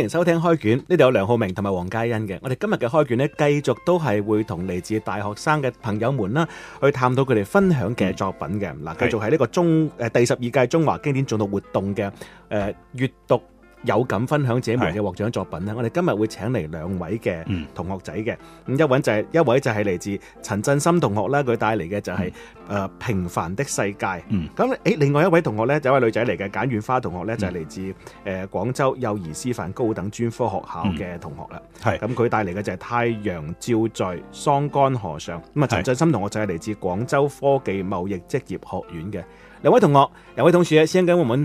歡迎收聽開卷，呢度有梁浩明同埋黃嘉欣嘅。我哋今日嘅開卷呢，繼續都係會同嚟自大學生嘅朋友們啦，去探討佢哋分享嘅作品嘅。嗱、嗯，繼續喺呢個中誒第十二屆中華經典誦讀活動嘅誒、呃、閱讀。有感分享自己嘅獲獎作品呢是我哋今日會請嚟兩位嘅同學仔嘅。咁、嗯、一位就係、是、一位就係嚟自陳振森同學啦，佢帶嚟嘅就係、是嗯呃、平凡的世界。咁、嗯欸、另外一位同學呢，就係女仔嚟嘅簡遠花同學呢，嗯、就係嚟自誒、呃、廣州幼兒師範高等專科學校嘅同學啦。咁佢、嗯、帶嚟嘅就係太陽照在桑乾河上。咁啊陳振森同學就係嚟自廣州科技貿易職業學院嘅兩位同學，有位同事先緊音會唔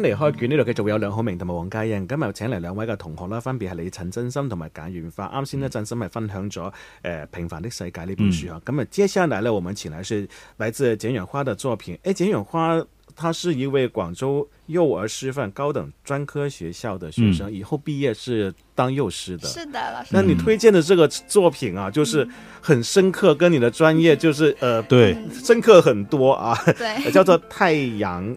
嚟開卷呢度繼續會有梁浩明同埋黃家英，今日請嚟兩位嘅同學啦，分別係李陳真心同埋簡遠花。啱先呢，真心係分享咗誒平凡的世界呢本書啊。咁啊、嗯，接下來呢，我們請來是來自簡遠花的作品。誒，簡遠花，他是一位廣州幼兒師範高等專科學校的學生，嗯、以後畢業是當幼師的。是的，老師。那、嗯、你推薦的這個作品啊，就是很深刻，跟你的專業就是，誒、嗯呃，對，嗯、深刻很多啊。對， 叫做太陽。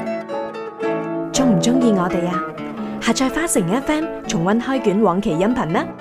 唔中意我哋啊！下載花城 FM 重溫開卷往期音頻啦～